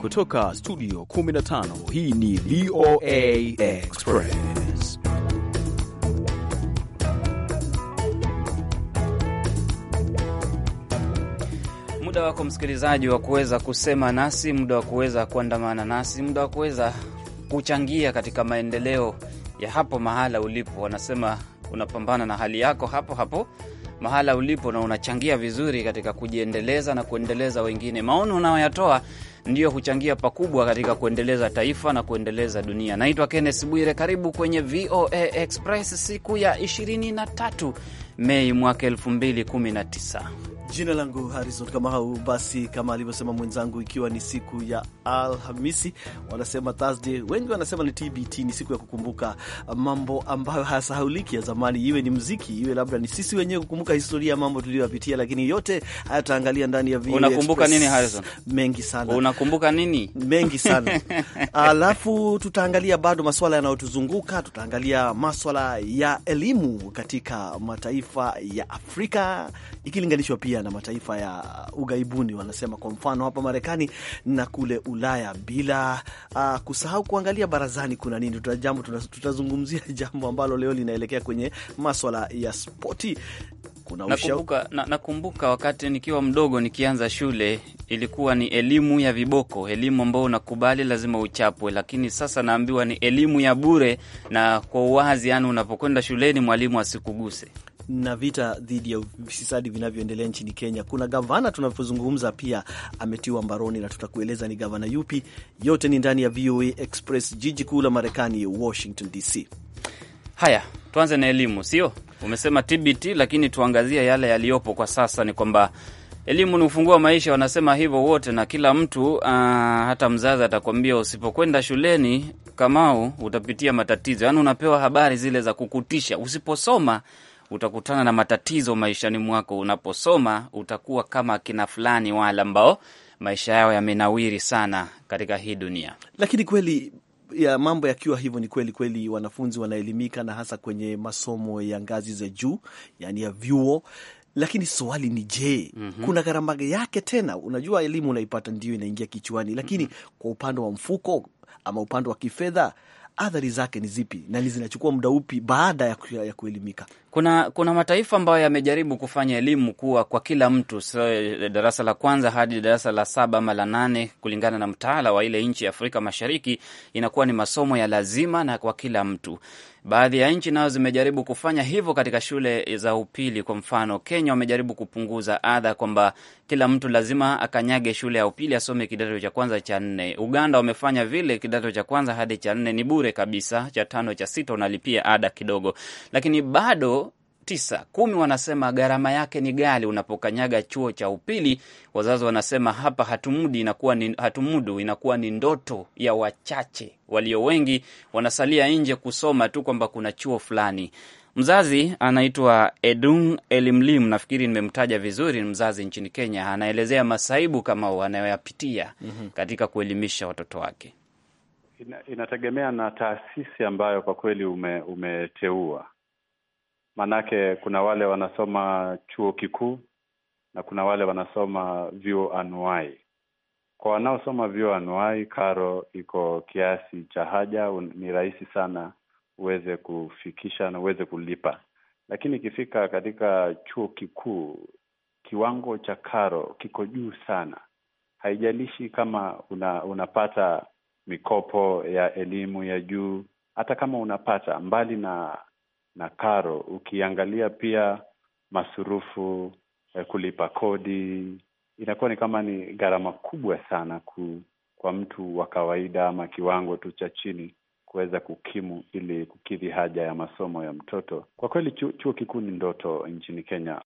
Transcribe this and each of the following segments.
Kutoka studio 15 hii ni VOA Express. Muda wako msikilizaji wa kuweza kusema nasi, muda wa kuweza kuandamana nasi, muda wa kuweza kuchangia katika maendeleo ya hapo mahala ulipo. Wanasema unapambana na hali yako hapo hapo mahala ulipo na unachangia vizuri katika kujiendeleza na kuendeleza wengine. Maono unayoyatoa ndiyo huchangia pakubwa katika kuendeleza taifa na kuendeleza dunia. Naitwa kennes Bwire, karibu kwenye VOA Express siku ya 23 Mei mwaka 2019. Jina langu Harrison Kamau. Basi kama alivyosema mwenzangu, ikiwa ni siku ya Alhamisi, wanasema Thursday, wengi wanasema ni TBT, ni siku ya kukumbuka mambo ambayo hayasahauliki ya zamani, iwe ni mziki, iwe labda ni sisi wenyewe kukumbuka historia ya mambo tuliyoyapitia, lakini yote hayataangalia ndani ya VOA. Unakumbuka nini Harrison? Mengi sana. Unakumbuka nini? Mengi sana alafu tutaangalia bado maswala yanayotuzunguka, tutaangalia maswala ya elimu katika mataifa ya Afrika ikilinganishwa pia Ulaya na mataifa ya ughaibuni, wanasema kwa mfano hapa Marekani na kule Ulaya, bila uh, kusahau kuangalia barazani kuna nini. Tutajambo, tutazungumzia jambo ambalo leo linaelekea kwenye maswala ya spoti. Nakumbuka na, nakumbuka wakati nikiwa mdogo nikianza shule ilikuwa ni elimu ya viboko, elimu ambayo unakubali lazima uchapwe, lakini sasa naambiwa ni elimu ya bure na kwa uwazi, yani unapokwenda shuleni mwalimu asikuguse na vita dhidi ya ufisadi vinavyoendelea nchini Kenya. Kuna gavana tunavyozungumza pia ametiwa mbaroni, na tutakueleza ni gavana yupi. Yote ni ndani ya VOA Express, jiji kuu la Marekani, Washington DC. Haya, tuanze na elimu, sio? Umesema TBT, lakini tuangazia yale yaliyopo kwa sasa. Ni kwamba elimu ni ufunguo wa maisha, wanasema hivyo wote na kila mtu. Uh, hata mzazi atakwambia usipokwenda shuleni, Kamau, utapitia matatizo. Yaani unapewa habari zile za kukutisha, usiposoma utakutana na matatizo maishani mwako. Unaposoma utakuwa kama akina fulani wale ambao maisha yao yamenawiri sana katika hii dunia. Lakini kweli ya mambo yakiwa hivyo, ni kweli kweli wanafunzi wanaelimika, na hasa kwenye masomo ya ngazi za juu, yani ya vyuo lakini swali ni je, mm -hmm. kuna gharama yake tena? Unajua, elimu unaipata ndio inaingia kichwani, lakini mm -hmm. kwa upande wa mfuko ama upande wa kifedha, athari zake ni zipi na ni zinachukua muda upi baada ya kuelimika? Kuna, kuna mataifa ambayo yamejaribu kufanya elimu kuwa kwa kila mtu, so, eh, darasa la kwanza hadi darasa la saba ama la nane kulingana na mtaala wa ile nchi ya Afrika Mashariki inakuwa ni masomo ya lazima na kwa kila mtu. Baadhi ya nchi nazo zimejaribu kufanya hivyo katika shule za upili. Kwa mfano, Kenya wamejaribu kupunguza adha kwamba kila mtu lazima akanyage shule ya upili asome kidato cha kwanza cha nne. Uganda wamefanya vile, kidato cha kwanza hadi cha nne ni bure kabisa, cha tano cha sita unalipia ada kidogo, lakini bado tisa kumi wanasema gharama yake ni gali. Unapokanyaga chuo cha upili, wazazi wanasema hapa hatumudi, inakuwa ni, hatumudu inakuwa ni ndoto ya wachache. Walio wengi wanasalia nje kusoma tu kwamba kuna chuo fulani. Mzazi anaitwa Edung Elimlim, nafikiri nimemtaja vizuri, mzazi nchini Kenya, anaelezea masaibu kama anayoyapitia mm -hmm. katika kuelimisha watoto wake. inategemea na taasisi ambayo kwa kweli ume, umeteua Maanake kuna wale wanasoma chuo kikuu na kuna wale wanasoma vyuo anuai. Kwa wanaosoma vyuo anuai, karo iko kiasi cha haja, ni rahisi sana uweze kufikisha na uweze kulipa. Lakini ikifika katika chuo kikuu, kiwango cha karo kiko juu sana. Haijalishi kama una, unapata mikopo ya elimu ya juu, hata kama unapata mbali na na karo. Ukiangalia pia masurufu eh, kulipa kodi, inakuwa ni kama ni gharama kubwa sana ku, kwa mtu wa kawaida ama kiwango tu cha chini kuweza kukimu ili kukidhi haja ya masomo ya mtoto. Kwa kweli chuo kikuu ni ndoto nchini Kenya.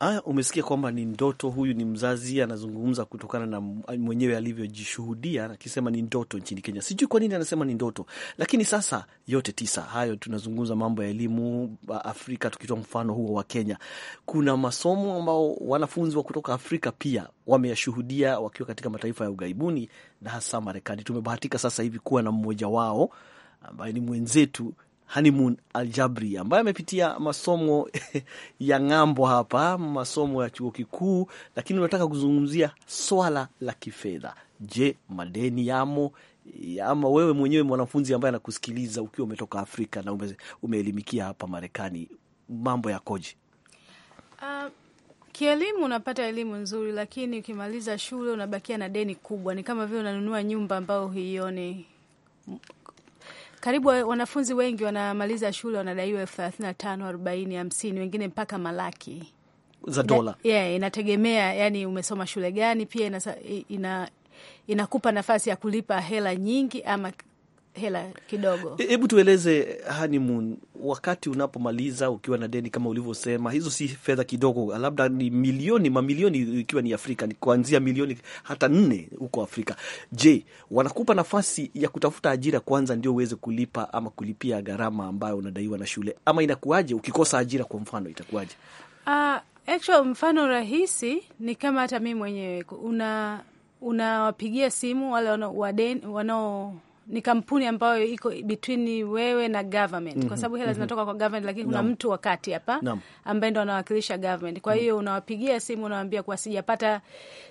Aya, umesikia kwamba ni ndoto. Huyu ni mzazi anazungumza kutokana na mwenyewe alivyojishuhudia, akisema ni ndoto nchini Kenya. Sijui kwa nini anasema ni ndoto, lakini sasa yote tisa hayo, tunazungumza mambo ya elimu Afrika, tukitoa mfano huo wa Kenya. Kuna masomo ambao wanafunzi wa kutoka Afrika pia wameyashuhudia wakiwa katika mataifa ya ughaibuni na hasa Marekani. Tumebahatika sasa hivi kuwa na mmoja wao ambaye ni mwenzetu Hanimun Aljabri ambaye amepitia masomo ya ng'ambo hapa, masomo ya chuo kikuu, lakini unataka kuzungumzia swala la kifedha. Je, madeni yamo ama wewe mwenyewe mwanafunzi ambaye anakusikiliza ukiwa umetoka Afrika na ume, umeelimikia hapa Marekani, mambo yakoje? Uh, kielimu unapata elimu nzuri, lakini ukimaliza shule unabakia na deni kubwa. Ni kama vile unanunua nyumba ambayo huioni karibu wanafunzi wengi wanamaliza shule wanadaiwa elfu thelathini na tano arobaini hamsini wengine mpaka malaki za dola. Yeah, inategemea yani umesoma shule gani. Pia ina, ina, inakupa nafasi ya kulipa hela nyingi ama hela kidogo. E, hebu tueleze honeymoon, wakati unapomaliza ukiwa na deni kama ulivyosema, hizo si fedha kidogo, labda ni milioni mamilioni, ikiwa ni Afrika ni kuanzia milioni hata nne huko Afrika. Je, wanakupa nafasi ya kutafuta ajira kwanza ndio uweze kulipa ama kulipia gharama ambayo unadaiwa na shule, ama inakuwaje ukikosa ajira? Kwa mfano itakuwaje? Uh, actual mfano rahisi ni kama hata mi mwenyewe una unawapigia simu wale wanaowadeni wanao ni kampuni ambayo iko between wewe na government kwa mhm. sababu hela mhm. zinatoka kwa government, lakini kuna mtu wa kati hapa ambaye ndo anawakilisha government. Kwa mhm. hiyo unawapigia simu unawaambia kuwa sijapata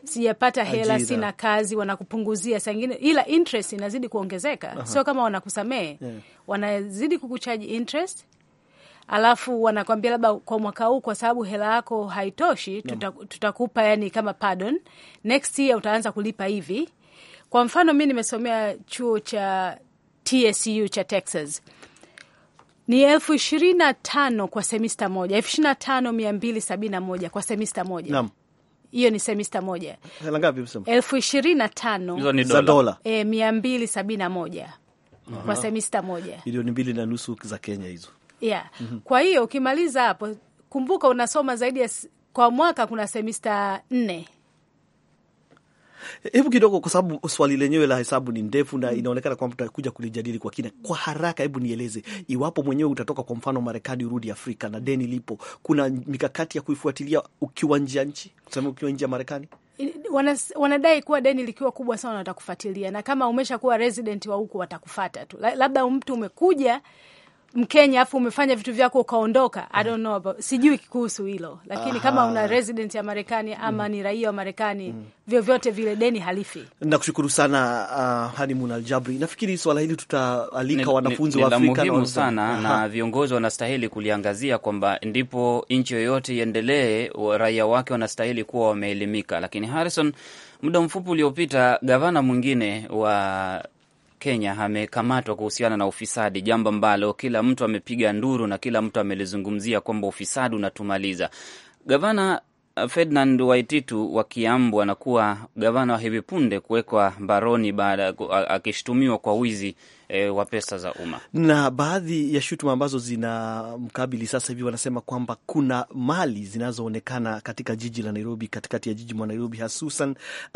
sijapata hela, sina kazi, wanakupunguzia saa ingine, ila interest inazidi kuongezeka uh -huh. sio kama wanakusamehe yeah. wanazidi kukuchaji interest alafu wanakwambia labda kwa mwaka huu kwa sababu hela yako haitoshi, tutakupa tuta yani kama pardon, next year utaanza kulipa hivi kwa mfano mi nimesomea chuo cha TSU cha Texas ni elfu ishirini na tano kwa semista moja, elfu ishirini na tano mia mbili sabini na moja kwa semista moja. Naam. Hiyo ni semista moja elfu ishirini na tano za dola e, mia mbili sabini na moja uh kwa semista moja milioni mbili na nusu za Kenya hizo yeah. mm -hmm. Kwa hiyo ukimaliza hapo, kumbuka unasoma zaidi ya kwa mwaka, kuna semista nne Hebu kidogo, kwa sababu swali lenyewe la hesabu ni ndefu na mm. inaonekana kwamba tutakuja kulijadili kwa kina. Kwa haraka, hebu nieleze, iwapo mwenyewe utatoka kwa mfano Marekani urudi Afrika na deni lipo, kuna mikakati ya kuifuatilia ukiwa nje ya nchi, kusema ukiwa nje ya Marekani? Wanas, wanadai kuwa deni likiwa kubwa sana watakufuatilia, na kama umeshakuwa resident wa huku watakufata tu, labda mtu umekuja Mkenya afu umefanya vitu vyako ukaondoka. I mm. don't know about, sijui kuhusu hilo lakini Aha. Kama una resident ya Marekani ama mm. ni raia wa Marekani mm. vyovyote vile deni halifi. Nakushukuru sana uh, Hanimun Aljabri. Nafikiri swala hili tutaalika wanafunzi wa Afrika muhimu na sana Aha. na viongozi wanastahili kuliangazia kwamba ndipo nchi yoyote iendelee, raia wake wanastahili kuwa wameelimika. Lakini Harrison, muda mfupi uliopita, gavana mwingine wa Kenya amekamatwa kuhusiana na ufisadi, jambo ambalo kila mtu amepiga nduru na kila mtu amelizungumzia kwamba ufisadi unatumaliza. Gavana Ferdinand Waititu wa Kiambu anakuwa gavana wa hivi punde kuwekwa mbaroni baada akishutumiwa kwa wizi e, wa pesa za umma. Na baadhi ya shutuma ambazo zina mkabili sasa hivi, wanasema kwamba kuna mali zinazoonekana katika jiji la Nairobi, katikati ya jiji mwa Nairobi, hasusan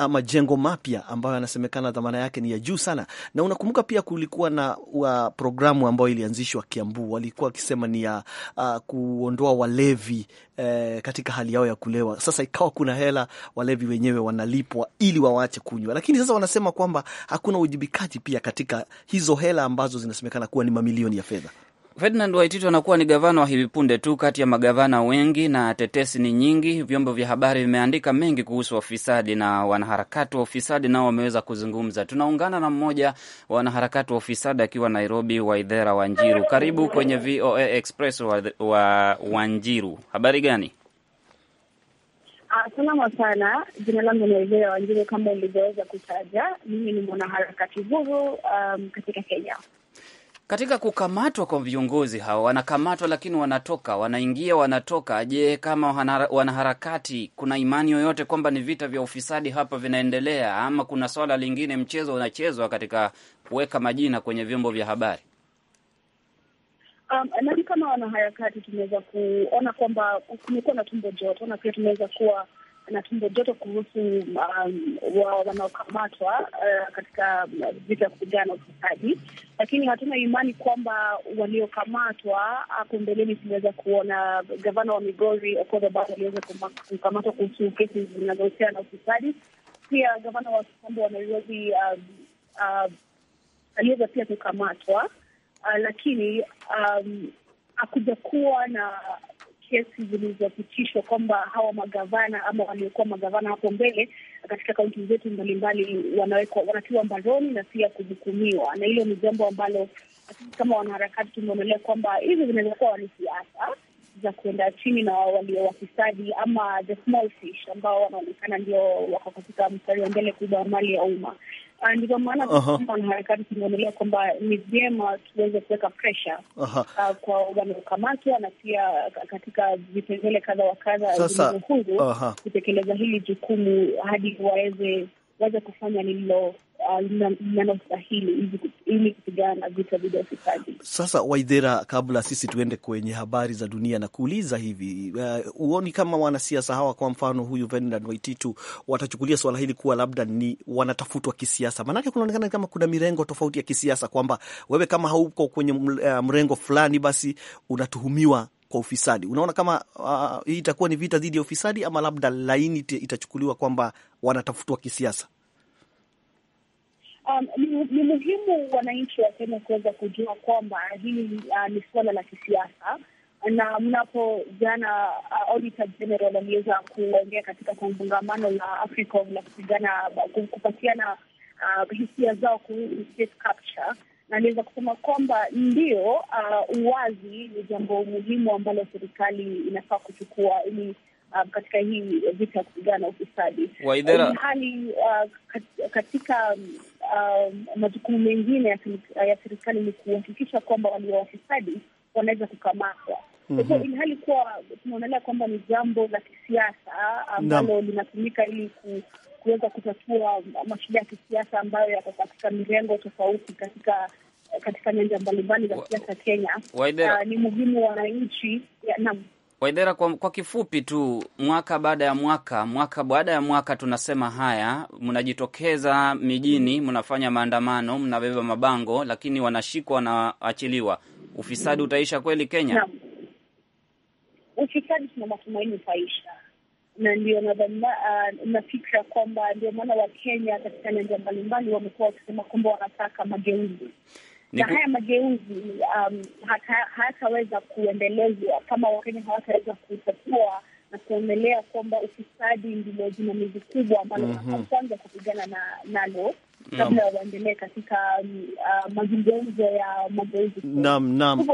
majengo mapya ambayo yanasemekana dhamana yake ni ya juu sana. Na unakumbuka pia kulikuwa na wa programu ambayo ilianzishwa Kiambu, walikuwa wakisema ni ya uh, kuondoa walevi eh, katika hali yao ya kulewa. Sasa ikawa kuna hela walevi wenyewe wanalipwa ili wawache kunywa, lakini sasa wanasema kwamba hakuna uwajibikaji pia katika hizo hela ambazo zinasemekana kuwa ni mamilioni ya fedha. Ferdinand Waititu anakuwa ni gavana wa hivi punde tu kati ya magavana wengi, na tetesi ni nyingi. Vyombo vya habari vimeandika mengi kuhusu wafisadi na wanaharakati wa ufisadi, nao wameweza kuzungumza. Tunaungana na mmoja wa wanaharakati wa ufisadi akiwa Nairobi, Waidhera Wanjiru. Karibu kwenye VOA Express wa, wa Wanjiru, habari gani? Ah, salama sana. Jina langu ni Waidhera Wanjiru, kama ulivyoweza kutaja, mimi ni mwanaharakati huru um, katika Kenya katika kukamatwa kwa viongozi hao, wanakamatwa lakini wanatoka, wanaingia, wanatoka. Je, kama wanaharakati, kuna imani yoyote kwamba ni vita vya ufisadi hapa vinaendelea, ama kuna swala lingine, mchezo unachezwa katika kuweka majina kwenye vyombo vya habari? Um, nani, kama wanaharakati tunaweza kuona kwamba kumekuwa na tumbo joto na pia tunaweza kuwa na tumbo joto kuhusu um, wa, wanaokamatwa uh, katika vita ya kupigana na ufisadi, lakini hatuna imani kwamba waliokamatwa hapo mbeleni. Tuliweza kuona gavana wa Migori Okoth Obado aliweza kukamatwa kuhusu kesi zinazohusiana na ufisadi. Pia gavana wa Kisambo wa Nairobi uh, uh, aliweza pia kukamatwa uh, lakini um, akuja kuwa na kesi zilizopitishwa kwamba hawa magavana ama waliokuwa magavana hapo mbele katika kaunti zetu mbalimbali wanawekwa, wanatiwa mbaroni na pia kuhukumiwa, na hilo ni jambo ambalo sisi kama wanaharakati tumeonelea kwamba hizi zinaweza kuwa ni siasa za kuenda chini na walio wafisadi ama the small fish ambao wanaonekana ndio wako katika mstari wa mbele kuiba mali ya umma. Ndivyo maana kama wanaharakati tumeonelea kwamba ni vyema tuweze kuweka presha uh, kwa wanaokamatwa na pia katika vipengele kadha wa kadha vilivyo huru kutekeleza hili jukumu hadi waweze waweze kufanya lililo sasa Waidhera, kabla sisi tuende kwenye habari za dunia, na kuuliza hivi, uh, huoni uh, kama wanasiasa hawa, kwa mfano huyu Ferdinand Waititu, watachukulia swala hili kuwa labda ni wanatafutwa kisiasa? Maanake kunaonekana kama kuna mirengo tofauti ya kisiasa, kwamba wewe kama hauko kwenye uh, mrengo fulani, basi unatuhumiwa kwa ufisadi. Unaona kama uh, hii itakuwa ni vita dhidi ya ufisadi ama labda laini itachukuliwa kwamba wanatafutwa kisiasa? Um, ni, muhimu wananchi wa Kenya kuweza kujua kwamba hili uh, ni suala la kisiasa, na mnapo jana uh, Auditor General aliweza kuongea katika kongamano la Africa la kupigana kupatiana uh, hisia zao kuhusu state capture, na aliweza kusema kwamba ndio, uh, uwazi ni jambo muhimu ambalo serikali inafaa kuchukua ili Uh, katika hii vita ya kupigana ufisadi hali uh, katika Um, majukumu mengine ya serikali ni kuhakikisha kwamba walio wafisadi wanaweza kukamatwa. Mm -hmm. ili hali kuwa tunaonelea kwamba ni jambo la kisiasa ambalo linatumika ili ku, kuweza kutatua mashida ya kisiasa ambayo yako katika mirengo tofauti katika katika nyanja mbalimbali za siasa Kenya. Uh, ni muhimu wananchi Waidhera, kwa, kwa kifupi tu, mwaka baada ya mwaka, mwaka baada ya mwaka tunasema haya, mnajitokeza mijini, mnafanya maandamano, mnabeba mabango, lakini wanashikwa, wanaachiliwa. Ufisadi utaisha kweli Kenya? Na ufisadi tuna matumaini utaisha, na ndio nafikira ah, uh, kwamba ndio maana Wakenya katika nyanja mbalimbali wamekuwa wakisema kwamba wanataka mageuzi na haya mageuzi um, hayataweza kuendelezwa kama Wakenya hawataweza kutatua na kuomelea kwamba ufisadi ndilo jinamizi kubwa ambalo -hmm. kwanza kupigana nalo kabla waendelee katika um, uh, mazungumzo ya mageuzi. Naam, naam,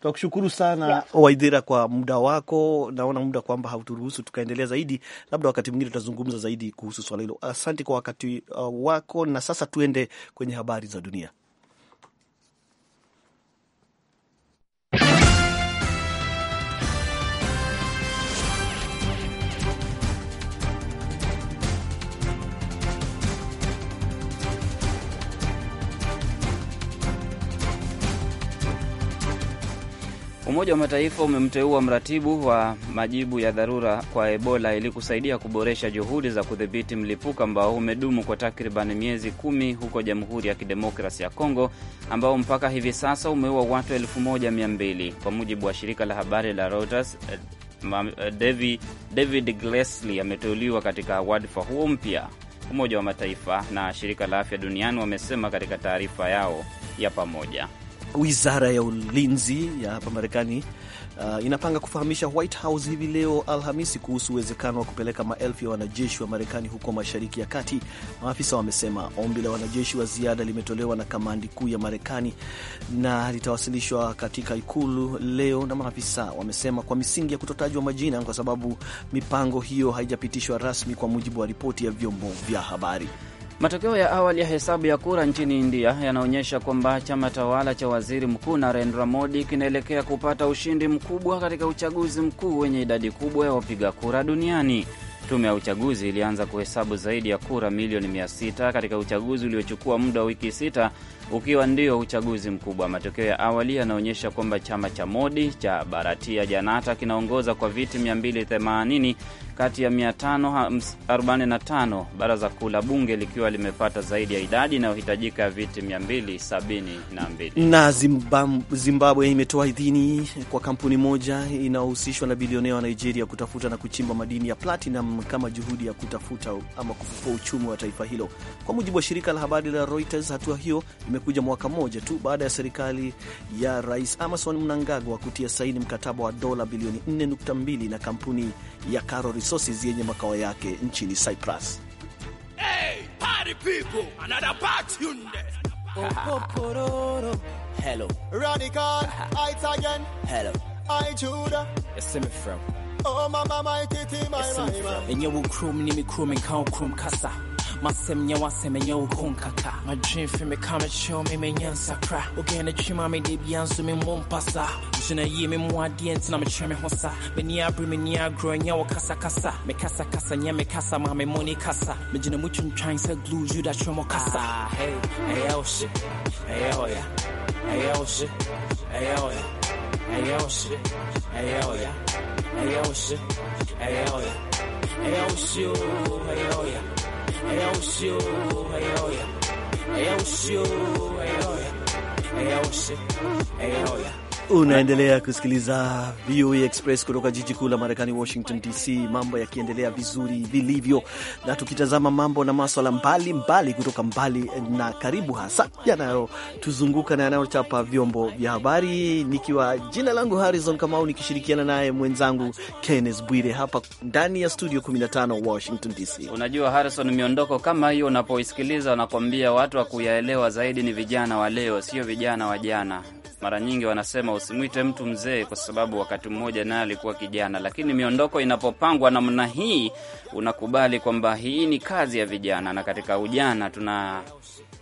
tunakushukuru sana Waidhira kwa muda wako. Naona muda kwamba hauturuhusu tukaendelea zaidi, labda wakati mwingine tutazungumza zaidi kuhusu swala hilo. Asante kwa wakati uh, wako, na sasa tuende kwenye habari za dunia. Umoja wa Mataifa umemteua mratibu wa majibu ya dharura kwa Ebola ili kusaidia kuboresha juhudi za kudhibiti mlipuko ambao umedumu kwa takriban miezi kumi huko Jamhuri ya Kidemokrasi ya Kongo, ambao mpaka hivi sasa umeua watu 1200 kwa mujibu wa shirika la habari la Reuters. Eh, David, David ameteuliwa katika wadhifa huo mpya. Umoja wa Mataifa na shirika la afya duniani wamesema katika taarifa yao ya pamoja. Wizara ya ulinzi ya hapa Marekani uh, inapanga kufahamisha White House hivi leo Alhamisi kuhusu uwezekano wa kupeleka maelfu ya wanajeshi wa Marekani huko Mashariki ya Kati, maafisa wamesema. Ombi la wanajeshi wa ziada limetolewa na kamandi kuu ya Marekani na litawasilishwa katika ikulu leo, na maafisa wamesema kwa misingi ya kutotajwa majina, kwa sababu mipango hiyo haijapitishwa rasmi, kwa mujibu wa ripoti ya vyombo vya habari. Matokeo ya awali ya hesabu ya kura nchini India yanaonyesha kwamba chama tawala cha waziri mkuu Narendra Modi kinaelekea kupata ushindi mkubwa katika uchaguzi mkuu wenye idadi kubwa ya wapiga kura duniani. Tume ya uchaguzi ilianza kuhesabu zaidi ya kura milioni 600 katika uchaguzi uliochukua muda wa wiki sita ukiwa ndio uchaguzi mkubwa. Matokeo ya awali yanaonyesha kwamba chama cha Modi cha Bharatiya Janata kinaongoza kwa viti 280 kati ya 545, baraza kuu la bunge likiwa limepata zaidi ya idadi inayohitajika ya viti 272. Na Zimbabwe imetoa idhini kwa kampuni moja inayohusishwa na bilionea wa Nigeria kutafuta na kuchimba madini ya platinum kama juhudi ya kutafuta ama kufufua uchumi wa taifa hilo, kwa mujibu wa shirika la habari la Reuters. Hatua hiyo imekuja mwaka mmoja tu baada ya serikali ya Rais Emmerson Mnangagwa kutia saini mkataba wa dola bilioni 4.2 na kampuni ya Caro Resources yenye makao yake nchini Cyprus. Hey, party people, another party Hello. Radical, again. Hello. I Judah. Yes, from. Oh, my my, my, my. masemnya wasemenya wo ho nkaka madwemfe meka nsakra wogɛɛ no twema me da bia nso memmɔ mpa saa ngyina yie me mmoa mekasakasa nyɛ mekasa ma kasa megyina mu twintwan sɛ glue juda twerɛ kasa ɛyɛ wo hye ɛyɛ wo ya ɛyɛ wo hye ɛyɛ wo ya ɛyɛ wo hye ɛyɛ wo ya ɛyɛ wo hye ya ɛyɛ wo hye ɛyɛ ya é o seu herói, é o seu herói, é o seu herói. Unaendelea kusikiliza VOA Express kutoka jiji kuu la Marekani, Washington DC. Mambo yakiendelea vizuri vilivyo, na tukitazama mambo na maswala mbalimbali kutoka mbali na karibu, hasa yanayotuzunguka na yanayochapa vyombo vya habari, nikiwa jina langu Harrison Kamau nikishirikiana naye mwenzangu Kenneth Bwire hapa ndani ya studio 15 Washington DC. Unajua Harrison, miondoko kama hiyo unapoisikiliza, wanakuambia watu wa kuyaelewa zaidi ni vijana wa leo, sio vijana wa jana. Mara nyingi wanasema usimwite mtu mzee, kwa sababu wakati mmoja naye alikuwa kijana. Lakini miondoko inapopangwa namna hii, unakubali kwamba hii ni kazi ya vijana, na katika ujana tuna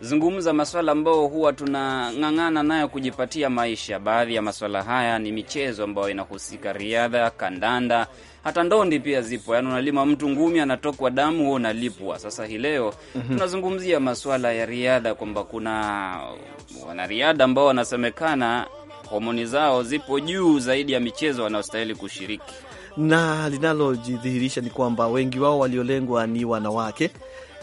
zungumza maswala ambayo huwa tunang'ang'ana nayo kujipatia maisha. Baadhi ya maswala haya ni michezo ambayo inahusika, riadha, kandanda, hata ndondi pia zipo. Yaani unalima mtu ngumi, anatokwa damu, huo unalipwa. Sasa hii leo mm -hmm. tunazungumzia maswala ya riadha, kwamba kuna wanariadha ambao wanasemekana homoni zao zipo juu zaidi ya michezo wanaostahili kushiriki, na linalojidhihirisha ni kwamba wengi wao waliolengwa ni wanawake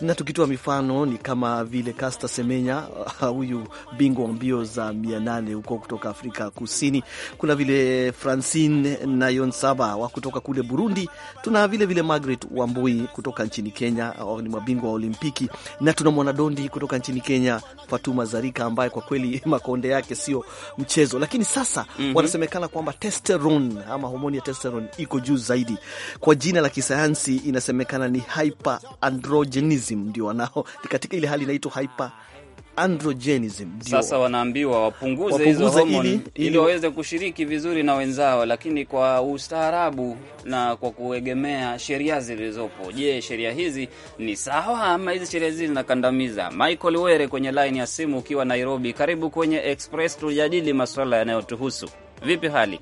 na tukitoa mifano ni kama vile Kasta Semenya, huyu bingwa wa mbio za mia nane huko kutoka Afrika Kusini. Kuna vile Francine Nayonsaba wa kutoka kule Burundi. Tuna vile vile Margaret Wambui kutoka nchini Kenya, ni mabingwa wa Olimpiki, na tuna mwanadondi kutoka nchini Kenya, Fatuma Zarika, ambaye kwa kweli makonde yake sio mchezo. Lakini sasa mm -hmm. wanasemekana kwamba testosterone ama homoni ya testosterone iko juu zaidi. Kwa jina la kisayansi inasemekana ni hyperandrogenism androgenism ndio wanao katika ile hali inaitwa hyper androgenism sasa wanaambiwa wapunguze, hizo homoni ili, waweze kushiriki vizuri na wenzao, lakini kwa ustaarabu na kwa kuegemea sheria zilizopo. Je, sheria hizi ni sawa ama hizi sheria hizi zinakandamiza? Michael Were kwenye laini ya simu ukiwa Nairobi, karibu kwenye Express, tujadili masuala yanayotuhusu. Vipi hali?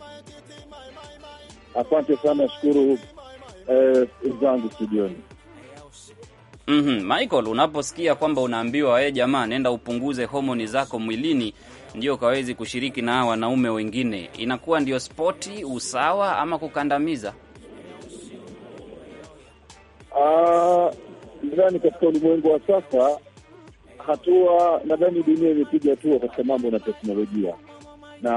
Asante sana, shukuru eh, zangu studioni Mm -hmm. Michael, unaposikia kwamba unaambiwa wewe, jamaa, nenda upunguze homoni zako mwilini ndio ukawezi kushiriki na wanaume wengine, inakuwa ndio spoti usawa ama kukandamiza? Uh, katika ulimwengu wa sasa hatua, nadhani dunia imepiga hatua katika mambo na teknolojia, na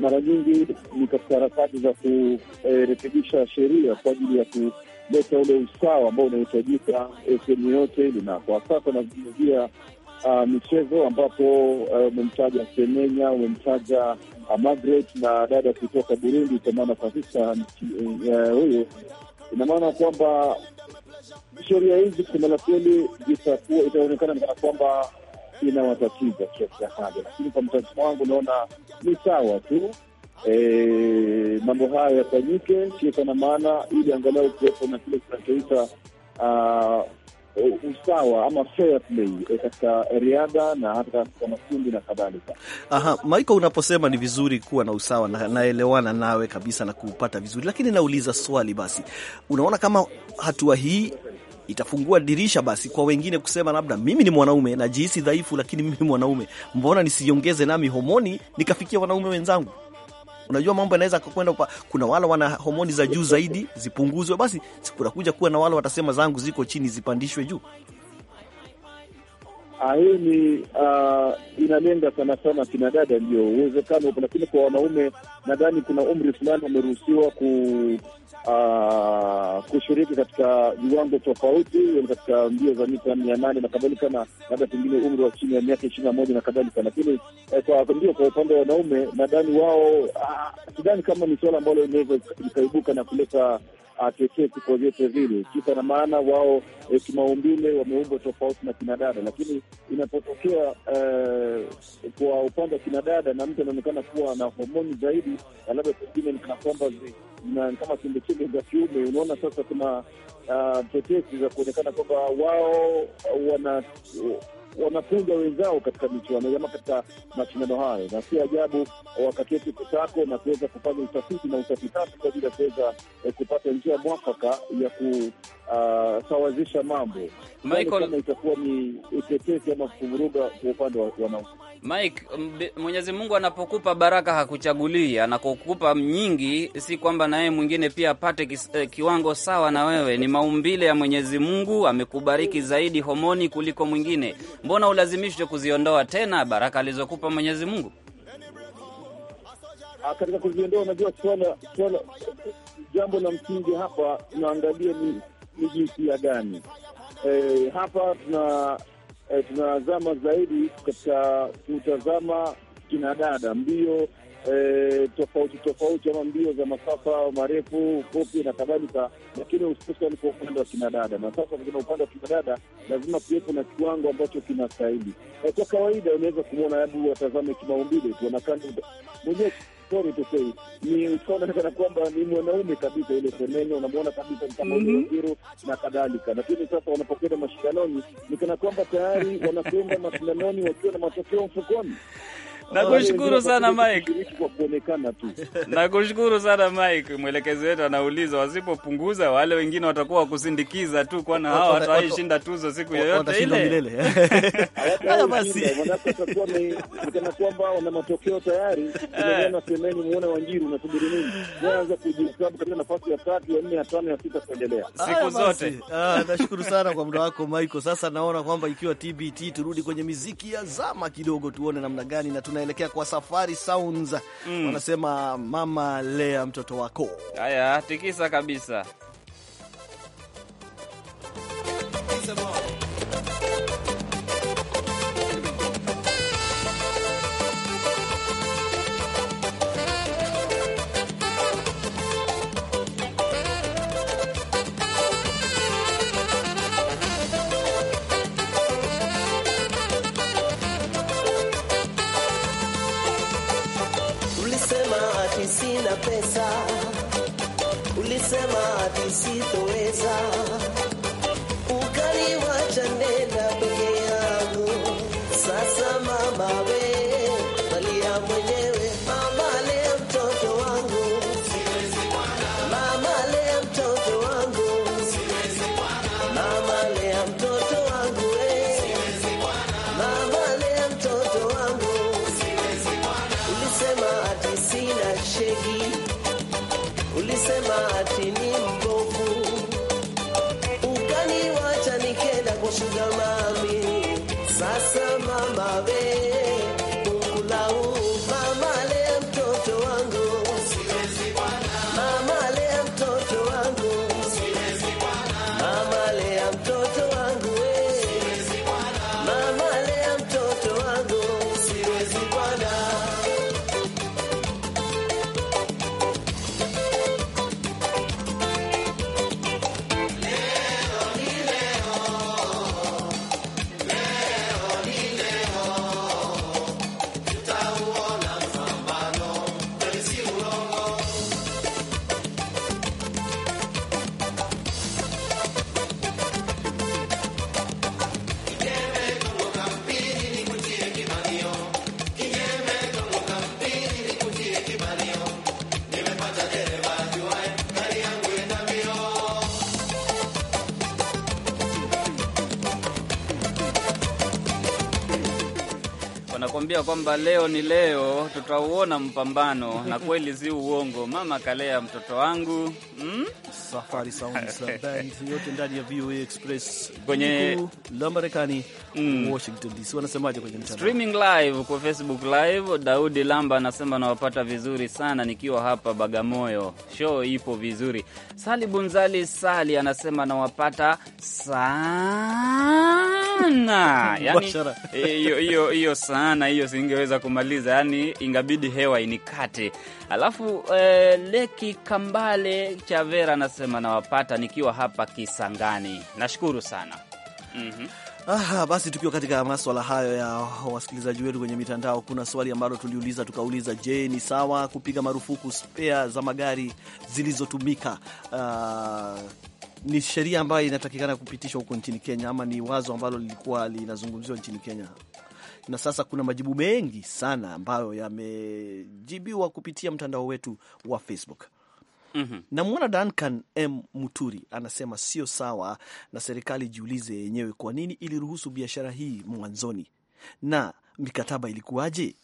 mara nyingi ni katika harakati za kurekebisha sheria kwa ajili ya ku kuleta ule usawa ambao unahitajika eh, sehemu yote ili na kwa sasa nazungumzia uh, michezo ambapo eh, umemtaja uh, Semenya, umemtaja uh, ah, Magret na dada kutoka Burundi Tamana Fasisa eh, huyu uh, ina maana kwamba sheria hizi kusema la kweli itaonekana kana kwamba inawatatiza kiasi cha haja, lakini kwa mtazamo wangu naona ni sawa tu e, mambo haya yafanyike kisa kana maana, ili angalau kuwepo na kile kinachoita uh, usawa ama fair play e, katika riadha na hata katika makundi na kadhalika. Aha, Michael, unaposema ni vizuri kuwa na usawa na, naelewana nawe kabisa na kupata vizuri, lakini nauliza swali basi, unaona kama hatua hii itafungua dirisha basi kwa wengine kusema labda mimi ni mwanaume najihisi dhaifu, lakini mimi ni mwanaume, mbona nisiongeze nami homoni nikafikia wanaume wenzangu? Unajua mambo yanaweza kukwenda, kuna wale wana homoni za juu zaidi zipunguzwe, basi sikunakuja kuwa na wale watasema zangu ziko chini zipandishwe juu hii ni uh, inalenga sana sana kina dada, ndio uwezekano upo, lakini kwa wanaume nadhani kuna umri fulani wameruhusiwa ku uh, kushiriki katika viwango tofauti, yaani katika mbio za mita mia nane na kadhalika, na labda pengine umri wa chini ya miaka ishirini na moja na kadhalika. Lakini eh, ndio kwa upande wa wanaume nadhani wao, ah, sidhani kama ni suala ambalo inaweza ikaibuka na kuleta atekee kwa vyote vile, kipa na maana wao e, kimaumbile wameumbwa tofauti na kinadada, lakini inapotokea e, kwa upande wa kinadada na mtu anaonekana kuwa na homoni zaidi, na labda pengine nikana kwamba kama chembechembe za kiume, unaona sasa kuna uh, tetesi za kuonekana kwamba wao wana uh, wanapunga wenzao katika michuano ama katika mashindano hayo, na si ajabu wakaketi kutako na kuweza kufanya utafiti na utafitati kwa ajili ya kuweza eh, kupata njia mwafaka ya kusawazisha ah, uh, mambo Michael... itakuwa ni utetezi ama kuvuruga kwa upande wa wanaume. Mike, Mwenyezi Mungu anapokupa baraka hakuchagulii, anakokupa nyingi, si kwamba naye mwingine pia apate ki, eh, kiwango sawa na wewe. Ni maumbile ya Mwenyezi Mungu, amekubariki zaidi homoni kuliko mwingine. Mbona ulazimishwe kuziondoa tena baraka alizokupa Mwenyezi Mungu? Ah, katika kuziondoa, unajua swala swala, jambo la msingi hapa tunaangalia ni, ni ya gani e, hapa tuna e, tunazama zaidi katika kutazama kinadada mbio e, tofauti tofauti ama mbio za masafa marefu, ufupi na kadhalika, lakini hususan kwa upande wa kinadada. Na sasa kwa upande wa kinadada lazima kuwepo na kiwango ambacho kinastahili. E, kwa kawaida unaweza kumwona hadu watazame kimaumbile tu wanakani mwenyewe Sorry ni ukiona kwamba ni mwanaume kabisa, ile semeni unamwona kabisa ni kama mhm. Waziri na kadhalika, lakini sasa wanapokwenda mashindanoni ni kana kwamba tayari wanakwenda mashindanoni wakiwa na matokeo mfukoni. Nakushukuru sana Mike. Nakushukuru sana Mike. Mwelekezi wetu anauliza wasipopunguza wale wengine watakuwa wakusindikiza tu kwana hawa hataishinda tuzo siku yoyote ile. Haya basi. kwamba wana matokeo tayari. Eh. semeni muone Wanjiru nini? katika nafasi ya ya ya ya kuendelea. Siku zote. Ah, nashukuru sana kwa muda wako Mike. Sasa naona kwamba ikiwa TBT turudi kwenye miziki ya zama kidogo tuone namna gani na tuna wanaelekea kwa Safari Sounds mm. Wanasema mama lea mtoto wako. Haya, tikisa kabisa. sina pesa, ulisema ati sitoweza, ukaniwacha nenda peke Nakwambia kwamba leo ni leo, tutauona mpambano na kweli zi uongo. Mama kalea mtoto wangu mm? Safari Sound Band yote ndani ya VOA Express kwenye la Marekani mm. Washington DC wanasemaje kwenye mtandao? Streaming live kwa Facebook live. Daudi Lamba anasema nawapata vizuri sana nikiwa hapa Bagamoyo, show ipo vizuri. Sali Bunzali Sali anasema nawapata saa sana yaani, hiyo yani, hiyo sana hiyo singeweza kumaliza yani, ingabidi hewa inikate. Alafu e, Leki Kambale Chavera anasema nawapata nikiwa hapa Kisangani, nashukuru sana mm -hmm. Aha, basi tukiwa katika maswala hayo ya wasikilizaji wetu kwenye mitandao, kuna swali ambalo tuliuliza tukauliza, je, ni sawa kupiga marufuku spea za magari zilizotumika uh, ni sheria ambayo inatakikana kupitishwa huko nchini Kenya, ama ni wazo ambalo lilikuwa linazungumziwa nchini Kenya na sasa kuna majibu mengi sana ambayo yamejibiwa kupitia mtandao wetu wa Facebook. Mm -hmm. Namwona Duncan M Muturi anasema sio sawa, na serikali jiulize yenyewe kwa nini iliruhusu biashara hii mwanzoni, na mikataba ilikuwaje?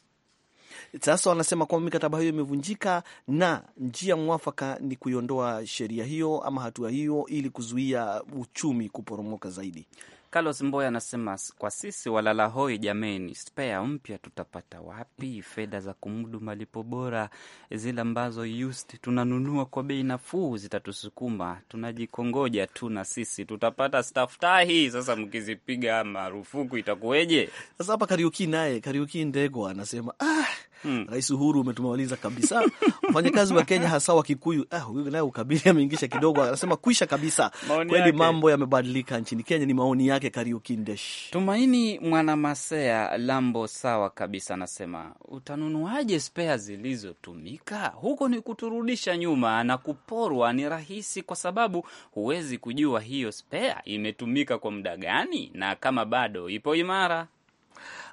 Sasa wanasema kwamba mikataba hiyo imevunjika na njia mwafaka ni kuiondoa sheria hiyo ama hatua hiyo, ili kuzuia uchumi kuporomoka zaidi. Carlos Mboya anasema kwa sisi walala hoi jameni, spea mpya tutapata wapi fedha za kumudu malipo bora? Zile ambazo used tunanunua kwa bei nafuu zitatusukuma, tunajikongoja tu na sisi tutapata staftahi. Sasa mkizipiga marufuku itakuweje? Sasa hapa Kariuki naye Kariuki Ndegwa anasema ah mm. Rais Uhuru umetumaliza kabisa wafanyakazi wa Kenya hasa wa Kikuyu. eh, naye ukabili ameingisha kidogo, anasema kwisha kabisa. Kweli mambo yamebadilika nchini Kenya. Ni maoni yake Kariuki Ndesh Tumaini Mwanamasea Lambo. Sawa kabisa, anasema utanunuaje spea zilizotumika? Huko ni kuturudisha nyuma na kuporwa ni rahisi, kwa sababu huwezi kujua hiyo spea imetumika kwa muda gani na kama bado ipo imara.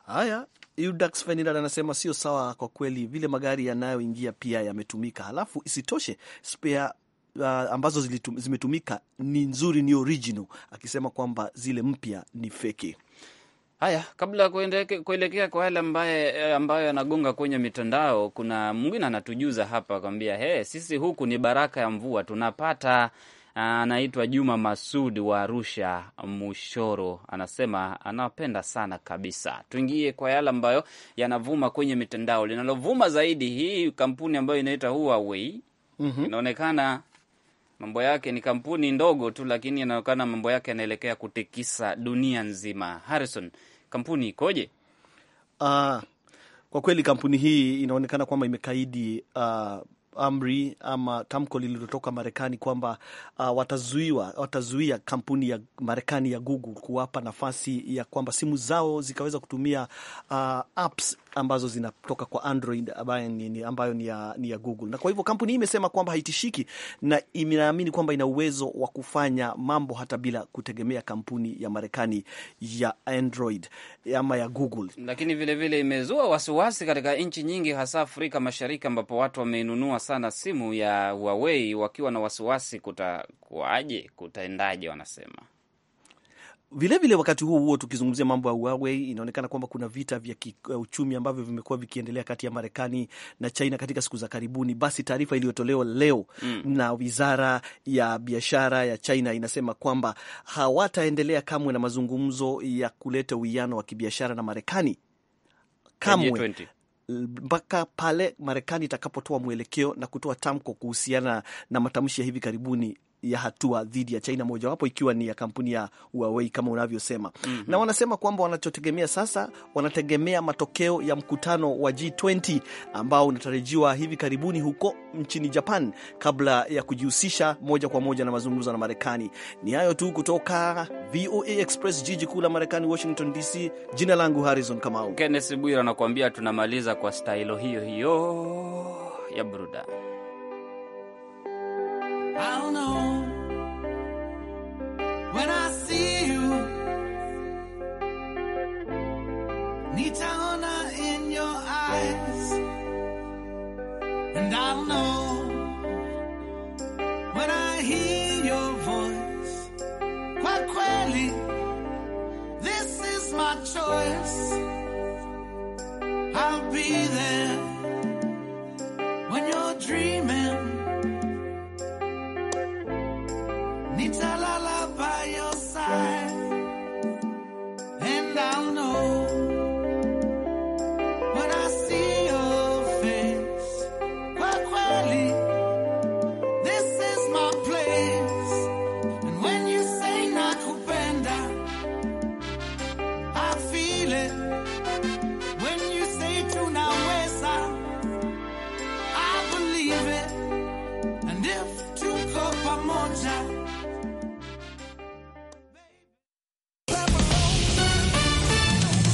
Haya, Fenilad anasema sio sawa kwa kweli, vile magari yanayoingia pia yametumika, halafu isitoshe spare Uh, ambazo zilitum, zimetumika ni nzuri, ni original, akisema kwamba zile mpya ni feki. Haya, kabla ya kuelekea kwa yale ambayo eh, ambayo yanagonga kwenye mitandao, kuna mwingine anatujuza hapa, akwambia he, sisi huku ni baraka ya mvua tunapata anaitwa Juma Masud wa Arusha Mushoro, anasema anapenda sana kabisa. Tuingie kwa yale ambayo yanavuma kwenye mitandao. Linalovuma zaidi hii kampuni ambayo inaitwa Huawei. mm -hmm. inaonekana mambo yake ni kampuni ndogo tu, lakini inaonekana mambo yake yanaelekea kutikisa dunia nzima. Harrison, kampuni ikoje? Uh, kwa kweli kampuni hii inaonekana kwamba imekaidi uh, amri ama tamko lililotoka Marekani kwamba uh, watazuiwa, watazuia kampuni ya Marekani ya Google kuwapa nafasi ya kwamba simu zao zikaweza kutumia uh, apps ambazo zinatoka kwa Android ambayo ni, ambayo ni, ya, ni ya Google. Na kwa hivyo kampuni hii imesema kwamba haitishiki na inaamini kwamba ina uwezo wa kufanya mambo hata bila kutegemea kampuni ya Marekani ya Android ama ya Google. Lakini vilevile imezua wasiwasi katika nchi nyingi, hasa Afrika Mashariki ambapo watu wameinunua sana simu ya Huawei wakiwa na wasiwasi kutakuaje, kutaendaje, wanasema vilevile vile. Wakati huo huo, tukizungumzia mambo ya Huawei, inaonekana kwamba kuna vita vya uh, uchumi ambavyo vimekuwa vikiendelea kati ya Marekani na China katika siku za karibuni. Basi taarifa iliyotolewa leo mm, na wizara ya biashara ya China inasema kwamba hawataendelea kamwe na mazungumzo ya kuleta uwiano wa kibiashara na Marekani kamwe mpaka pale Marekani itakapotoa mwelekeo na kutoa tamko kuhusiana na matamshi ya hivi karibuni ya hatua dhidi ya China, mojawapo ikiwa ni ya kampuni ya Huawei kama unavyosema. mm -hmm. Na wanasema kwamba wanachotegemea sasa, wanategemea matokeo ya mkutano wa G20 ambao unatarajiwa hivi karibuni huko nchini Japan kabla ya kujihusisha moja kwa moja na mazungumzo na Marekani. Ni hayo tu kutoka VOA Express, jiji kuu la Marekani, Washington DC. Jina langu Harrison Kamau. Kenneth Bwira anakuambia tunamaliza kwa stailo hiyo hiyo ya burudani. I'll know when I see you. Need in your eyes, and I'll know when I hear your voice. this is my choice. I'll be.